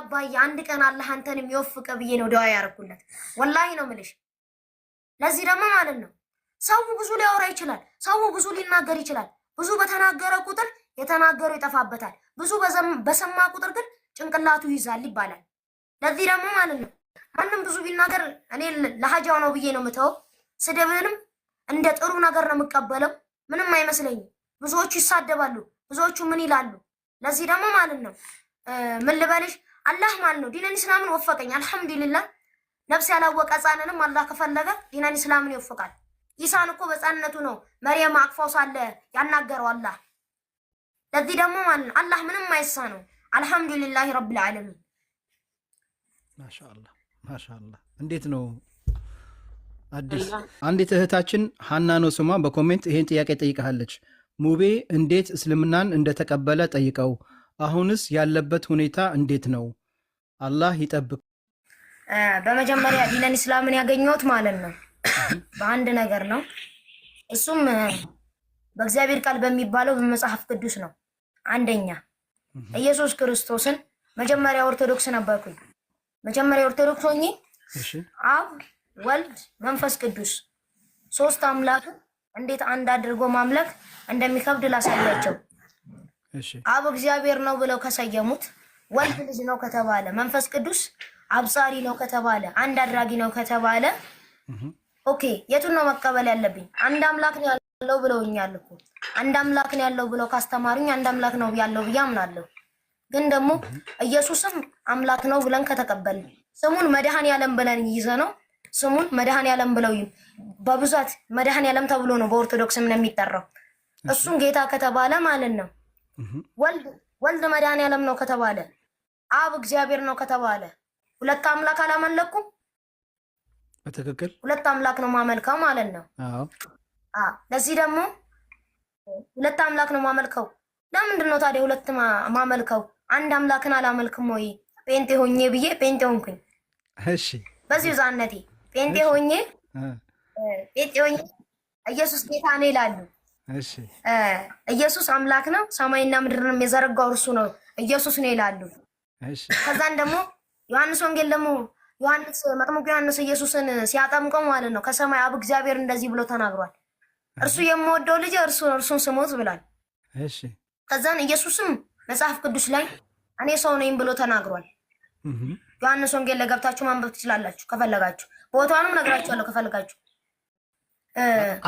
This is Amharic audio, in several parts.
አባዬ አንድ ቀን አላህ አንተን የሚወፍቀ ብዬ ነው ደዋ ያደረኩለት። ወላሂ ነው ምልሽ። ለዚህ ደግሞ ማለት ነው ሰው ብዙ ሊያወራ ይችላል። ሰው ብዙ ሊናገር ይችላል። ብዙ በተናገረ ቁጥር የተናገረው ይጠፋበታል። ብዙ በሰማ ቁጥር ግን ጭንቅላቱ ይዛል ይባላል። ለዚህ ደግሞ ማለት ነው ማንም ብዙ ቢናገር እኔ ለሀጃው ነው ብዬ ነው ምተው ስድብህንም እንደ ጥሩ ነገር ነው የምቀበለው። ምንም አይመስለኝም። ብዙዎቹ ይሳደባሉ፣ ብዙዎቹ ምን ይላሉ። ለዚህ ደግሞ ማለት ነው ምን ልበልሽ አላህ ማን ነው ዲነን እስላምን ወፈቀኝ። አልሐምዱሊላህ ነፍስ ያላወቀ ህፃንንም አላህ ከፈለገ ዲነን ኢስላምን ይወፈቃል። ኢሳን እኮ በህፃንነቱ ነው መርየም አቅፋው ሳለ ያናገረው አላህ። ለዚህ ደግሞ ማን አላህ ምንም አይሳ ነው። አልሐምዱሊላህ ረብል ዓለሚን። ማሻአላህ ማሻአላህ። እንዴት ነው አዲስ አንዲት እህታችን ሀና ነው ስሟ፣ በኮሜንት ይሄን ጥያቄ ጠይቃለች። ሙቤ እንዴት እስልምናን እንደተቀበለ ጠይቀው አሁንስ ያለበት ሁኔታ እንዴት ነው? አላህ ይጠብቅ። በመጀመሪያ ዲነን እስላምን ያገኘሁት ማለት ነው በአንድ ነገር ነው። እሱም በእግዚአብሔር ቃል በሚባለው በመጽሐፍ ቅዱስ ነው። አንደኛ ኢየሱስ ክርስቶስን መጀመሪያ ኦርቶዶክስ ነበርኩኝ። መጀመሪያ ኦርቶዶክስ ሆኜ አብ፣ ወልድ፣ መንፈስ ቅዱስ ሶስት አምላክ እንዴት አንድ አድርጎ ማምለክ እንደሚከብድ ላሳያቸው አብ እግዚአብሔር ነው ብለው ከሰየሙት ወልድ ልጅ ነው ከተባለ መንፈስ ቅዱስ አብሳሪ ነው ከተባለ አንድ አድራጊ ነው ከተባለ ኦኬ የቱን ነው መቀበል ያለብኝ? አንድ አምላክ ነው ያለው ብለውኛል እኮ አንድ አምላክ ነው ያለው ብለው ካስተማሩኝ አንድ አምላክ ነው ያለው ብዬ አምናለሁ። ግን ደግሞ ኢየሱስም አምላክ ነው ብለን ከተቀበል ስሙን መድኃኔ ዓለም ብለን ይዘ ነው ስሙን መድኃኔ ዓለም ብለው በብዛት መድኃኔ ዓለም ተብሎ ነው በኦርቶዶክስ እምነት የሚጠራው። እሱን ጌታ ከተባለ ማለት ነው ወልድ ወልድ መድኃኒዓለም ነው ከተባለ አብ እግዚአብሔር ነው ከተባለ ሁለት አምላክ አላመለኩም። በትክክል ሁለት አምላክ ነው ማመልከው ማለት ነው። ለዚህ ደግሞ ሁለት አምላክ ነው ማመልከው። ለምንድን ነው ታዲያ ሁለት ማመልከው? አንድ አምላክን አላመልክም ወይ? ጴንጤ ሆኜ ብዬ ጴንጤ ሆንኩኝ። እሺ፣ በዚህ ዛነቴ ጴንጤ ሆኜ ጴንጤ ሆኜ ኢየሱስ ጌታ ነው ይላሉ ኢየሱስ አምላክ ነው፣ ሰማይና ምድርንም የዘረጋው እርሱ ነው ኢየሱስ ነው ይላሉ። ከዛን ደግሞ ዮሐንስ ወንጌል ደግሞ ዮሐንስ መጥምቁ ዮሐንስ ኢየሱስን ሲያጠምቀው ማለት ነው ከሰማይ አብ እግዚአብሔር እንደዚህ ብሎ ተናግሯል። እርሱ የምወደው ልጅ እርሱ እርሱን ስሙት ብሏል። ከዛን ኢየሱስም መጽሐፍ ቅዱስ ላይ እኔ ሰው ነኝ ብሎ ተናግሯል። ዮሐንስ ወንጌል ለገብታችሁ ማንበብ ትችላላችሁ ከፈለጋችሁ። ቦታውንም ነግራችኋለሁ ከፈለጋችሁ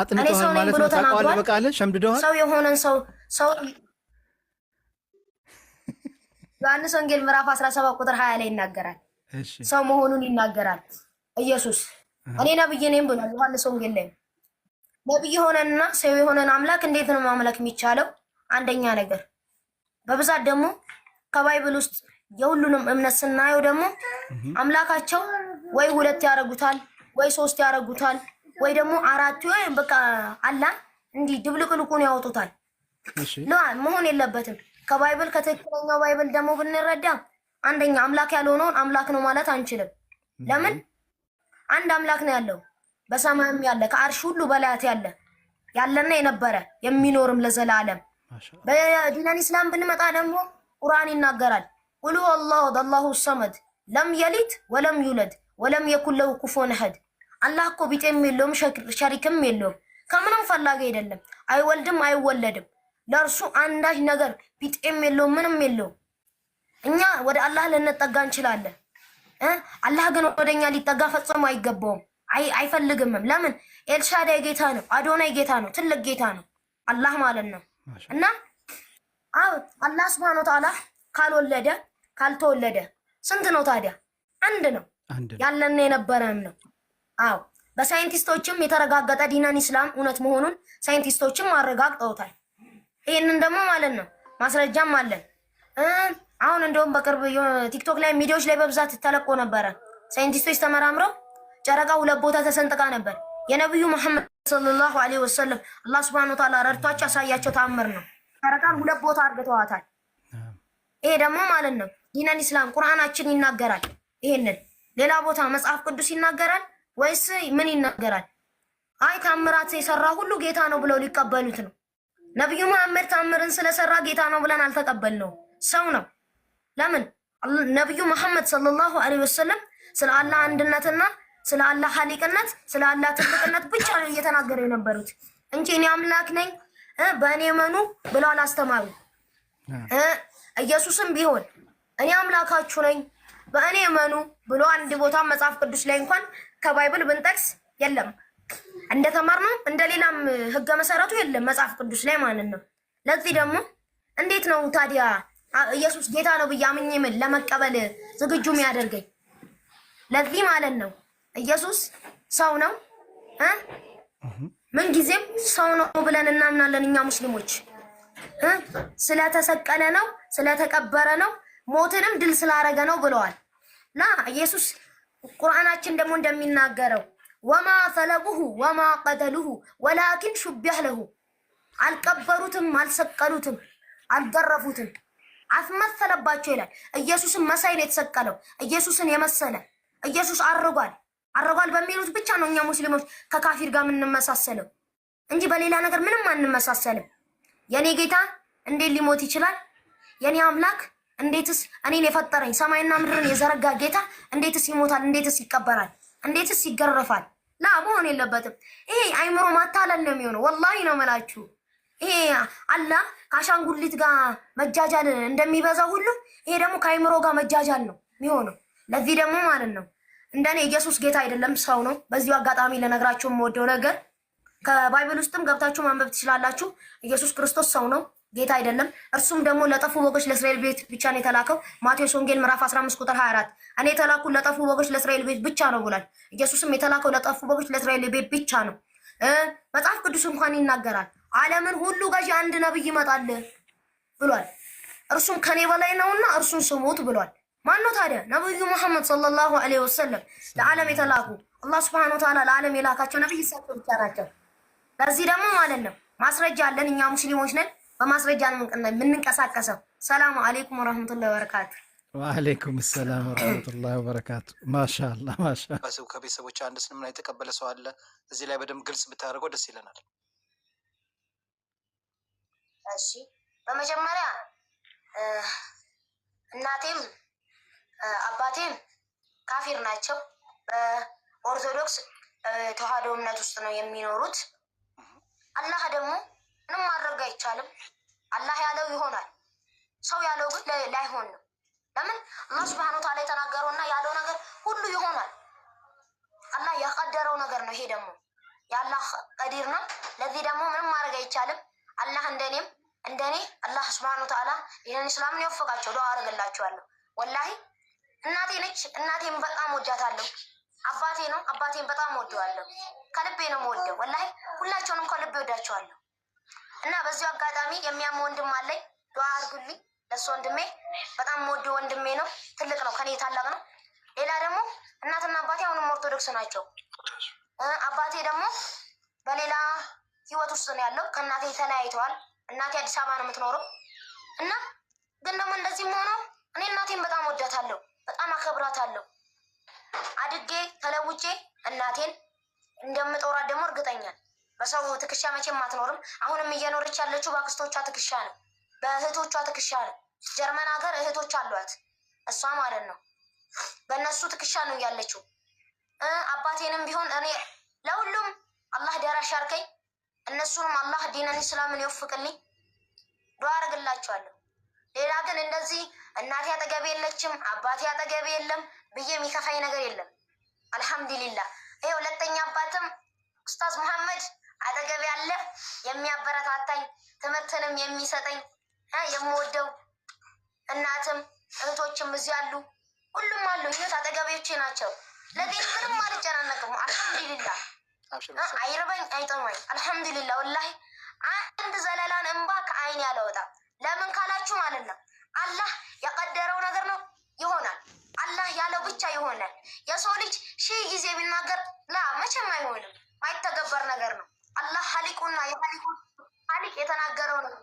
አጥንተዋል ማለት ነው። ታውቀዋለህ፣ በቃለ ሸምድደዋል። ሰው የሆነን ሰው ሰው ዮሐንስ ወንጌል ምዕራፍ 17 ቁጥር 20 ላይ ይናገራል። ሰው መሆኑን ይናገራል ኢየሱስ። እኔ ነብይ ነኝ ብሏል ዮሐንስ ወንጌል ላይ። ነብይ የሆነና ሰው የሆነን አምላክ እንዴት ነው ማምለክ የሚቻለው? አንደኛ ነገር በብዛት ደግሞ ከባይብል ውስጥ የሁሉንም እምነት ስናየው ደግሞ አምላካቸው ወይ ሁለት ያደርጉታል ወይ ሶስት ያደርጉታል ወይ ደግሞ አራት ወይ በቃ አላ እንዲህ ድብልቅልቁን ያወጡታል። ነዋ መሆን የለበትም። ከባይብል ከትክክለኛው ባይብል ደግሞ ብንረዳ አንደኛ አምላክ ያልሆነውን አምላክ ነው ማለት አንችልም። ለምን አንድ አምላክ ነው ያለው በሰማይም ያለ ከአርሽ ሁሉ በላያት ያለ ያለና የነበረ የሚኖርም ለዘላለም። በዲነን ኢስላም ብንመጣ ደግሞ ቁርአን ይናገራል። ቁሉ አላሁ አላሁ ሰመድ ለም የሊት ወለም ዩለድ ወለም የኩለው ኩፎን ኩፉወን አላህ እኮ ቢጤም የለውም ሸሪክም የለውም። ከምንም ፈላጊ አይደለም። አይወልድም፣ አይወለድም። ለእርሱ አንዳች ነገር ቢጤም የለውም፣ ምንም የለውም። እኛ ወደ አላህ ልንጠጋ እንችላለን። አላህ ግን ወደኛ ሊጠጋ ፈጽሞ አይገባውም፣ አይፈልግምም። ለምን? ኤልሻዳይ ጌታ ነው። አዶናይ ጌታ ነው። ትልቅ ጌታ ነው፣ አላህ ማለት ነው። እና አላህ ስብሃነ ወተዓላ ካልወለደ ካልተወለደ ስንት ነው ታዲያ? አንድ ነው፣ ያለና የነበረን ነው። አዎ በሳይንቲስቶችም የተረጋገጠ ዲነን ኢስላም እውነት መሆኑን ሳይንቲስቶችም አረጋግጠውታል። ይህንን ደግሞ ማለት ነው ማስረጃም አለን። አሁን እንደውም በቅርብ ቲክቶክ ላይ ሚዲያዎች ላይ በብዛት ተለቆ ነበረ። ሳይንቲስቶች ተመራምረው ጨረቃ ሁለት ቦታ ተሰንጥቃ ነበር። የነቢዩ መሐመድ ሰለላሁ ዐለይሂ ወሰለም አላህ ሱብሃነሁ ወተዓላ ረድቷቸው ያሳያቸው ተአምር ነው። ጨረቃን ሁለት ቦታ አርግተዋታል። ይሄ ደግሞ ማለት ነው ዲነን ኢስላም ቁርአናችን ይናገራል። ይሄንን ሌላ ቦታ መጽሐፍ ቅዱስ ይናገራል። ወይስ ምን ይናገራል? አይ ታምራት የሰራ ሁሉ ጌታ ነው ብለው ሊቀበሉት ነው። ነቢዩ መሐመድ ታምርን ስለሰራ ጌታ ነው ብለን አልተቀበልነው። ሰው ነው። ለምን? ነቢዩ መሐመድ ሰለላሁ ዐለይሂ ወሰለም ስለ አላህ አንድነትና ስለ አላህ ሀሊቅነት ስለ አላህ ትልቅነት ብቻ ነው እየተናገሩ የነበሩት እንጂ እኔ አምላክ ነኝ በእኔ መኑ ብለው አላስተማሩ። ኢየሱስም ቢሆን እኔ አምላካችሁ ነኝ በእኔ መኑ ብሎ አንድ ቦታ መጽሐፍ ቅዱስ ላይ እንኳን ከባይብል ብንጠቅስ የለም እንደተማርነው እንደ ሌላም ህገ መሰረቱ የለም መጽሐፍ ቅዱስ ላይ ማንን ነው። ለዚህ ደግሞ እንዴት ነው ታዲያ ኢየሱስ ጌታ ነው ብዬ አምኜ ምን ለመቀበል ዝግጁ የሚያደርገኝ? ለዚህ ማለት ነው ኢየሱስ ሰው ነው እ ምንጊዜም ሰው ነው ብለን እናምናለን እኛ ሙስሊሞች እ ስለተሰቀለ ነው ስለተቀበረ ነው ሞትንም ድል ስላረገ ነው ብለዋል እና ኢየሱስ ቁርአናችን ደግሞ እንደሚናገረው ወማ ሰለቡሁ ወማ ቀተሉሁ ወላኪን ሹቢህ ለሁ፣ አልቀበሩትም፣ አልሰቀሉትም፣ አልገረፉትም፣ አስመሰለባቸው ይላል። ኢየሱስን መሳይ ነው የተሰቀለው። ኢየሱስን የመሰለ ኢየሱስ አርጓል አርጓል በሚሉት ብቻ ነው እኛ ሙስሊሞች ከካፊር ጋር የምንመሳሰለው እንጂ በሌላ ነገር ምንም አንመሳሰልም። የኔ ጌታ እንዴት ሊሞት ይችላል? የኔ አምላክ እንዴትስ እኔን የፈጠረኝ ሰማይና ምድርን የዘረጋ ጌታ እንዴትስ ይሞታል? እንዴትስ ይቀበራል? እንዴትስ ይገረፋል? ላ መሆን የለበትም። ይሄ አይምሮ ማታለል ነው የሚሆነው። ወላሂ ነው መላችሁ። ይሄ አላ ከአሻንጉሊት ጋር መጃጃል እንደሚበዛ ሁሉ ይሄ ደግሞ ከአይምሮ ጋር መጃጃል ነው የሚሆነው። ለዚህ ደግሞ ማለት ነው እንደኔ ኢየሱስ ጌታ አይደለም ሰው ነው። በዚሁ አጋጣሚ ለነግራቸው የምወደው ነገር ከባይብል ውስጥም ገብታችሁ ማንበብ ትችላላችሁ። ኢየሱስ ክርስቶስ ሰው ነው፣ ጌታ አይደለም። እርሱም ደግሞ ለጠፉ ወገች ለእስራኤል ቤት ብቻ ነው የተላከው። ማቴዎስ ወንጌል ምዕራፍ 15 ቁጥር 24 እኔ የተላኩ ለጠፉ ወገች ለእስራኤል ቤት ብቻ ነው ብሏል። ኢየሱስም የተላከው ለጠፉ ወገች ለእስራኤል ቤት ብቻ ነው። መጽሐፍ ቅዱስ እንኳን ይናገራል፣ ዓለምን ሁሉ ገዢ አንድ ነብይ ይመጣል ብሏል። እርሱም ከኔ በላይ ነውና እርሱን ስሙት ብሏል። ማን ነው ታዲያ? ነብዩ መሐመድ ሰለላሁ ዐለይሂ ወሰለም ለዓለም የተላኩ አላህ ሱብሓነሁ ወተዓላ ለዓለም የላካቸው ነብይ እሳቸው ብቻ ናቸው። ከዚህ ደግሞ ማለት ነው ማስረጃ አለን። እኛ ሙስሊሞች ነን፣ በማስረጃ ነው የምንንቀሳቀሰው። ሰላሙ አሌይኩም ወረህመቱላ ወበረካቱ። ወአሌይኩም ሰላም ወረህመቱላ ወበረካቱ። ማሻላ ማሻላ። ከቤተሰቦች አንድ እስልምና የተቀበለ ሰው አለ። እዚህ ላይ በደንብ ግልጽ ብታደርገው ደስ ይለናል። እሺ፣ በመጀመሪያ እናቴም አባቴም ካፊር ናቸው። በኦርቶዶክስ ተዋህዶ እምነት ውስጥ ነው የሚኖሩት። አላህ ደግሞ ምንም ማድረግ አይቻልም። አላህ ያለው ይሆናል። ሰው ያለው ግን ላይሆን ነው። ለምን አላህ ስብሐነ ወተዓላ የተናገረውና ያለው ነገር ሁሉ ይሆናል። አላህ ያቀደረው ነገር ነው። ይሄ ደግሞ የአላህ ቀዲር ነው። ለዚህ ደግሞ ምንም ማድረግ አይቻልም። አላህ እንደኔም እንደኔ አላህ ስብሐነ ወተዓላ ይህንን እስላምን የወፈቃቸው ዱዓ አደርግላቸዋለሁ። ወላሂ እናቴ ነች። እናቴም በጣም ወዳታለሁ። አባቴ ነው። አባቴን በጣም ወደዋለሁ። ከልቤ ነው የምወደው። ወላሂ ሁላቸውንም ከልቤ ወዳቸዋለሁ። እና በዚሁ አጋጣሚ የሚያም ወንድም አለኝ፣ ዱዓ አድርጉልኝ ለሱ ወንድሜ። በጣም የምወደው ወንድሜ ነው። ትልቅ ነው፣ ከኔ ታላቅ ነው። ሌላ ደግሞ እናትና አባቴ አሁንም ኦርቶዶክስ ናቸው። አባቴ ደግሞ በሌላ ህይወት ውስጥ ነው ያለው። ከእናቴ ተለያይተዋል። እናቴ አዲስ አበባ ነው የምትኖረው እና ግን ደግሞ እንደዚህም ሆኖ እኔ እናቴን በጣም ወዳታለሁ፣ በጣም አከብራታለሁ። አድጌ ተለውጬ እናቴን እንደምጠራ ደግሞ እርግጠኛ በሰው ትከሻ መቼም አትኖርም። አሁንም እየኖረች ያለችው በአክስቶቿ ትከሻ ነው፣ በእህቶቿ ትከሻ ነው። ጀርመን ሀገር እህቶች አሏት እሷ ማለት ነው። በእነሱ ትከሻ ነው ያለችው። አባቴንም ቢሆን እኔ ለሁሉም አላህ ደራሽ አርገኝ እነሱንም አላህ ዲነን እስላምን ይወፍቅልኝ። ዱዓ አደርግላቸዋለሁ። ሌላ ግን እንደዚህ እናቴ አጠገብ የለችም አባቴ አጠገብ የለም ብዬ የሚከፋኝ ነገር የለም። አልሐምዱሊላህ ይህ ሁለተኛ አባትም ኡስታዝ መሐመድ አጠገብ ያለ የሚያበረታታኝ ትምህርትንም የሚሰጠኝ የምወደው እናትም እህቶችም እዚህ አሉ። ሁሉም አሉ። እኞት አጠገቤዎቼ ናቸው። ለገኝ ምንም አልጨናነቅም። አልሐምዱሊላ አይርበኝ፣ አይጠማኝ። አልሐምዱሊላ ወላሂ አንድ ዘለላን እንባ ከአይን ያለወጣ ለምን ካላችሁ ማለት ነው አላህ የቀደረው ነገር ነው ይሆናል። ይሆናል። የሰው ልጅ ሺህ ጊዜ ቢናገር ላ መቼም አይሆንም። ማይተገበር ነገር ነው። አላህ ሀሊቁና የሀሊቁ ሀሊቅ የተናገረው ነው።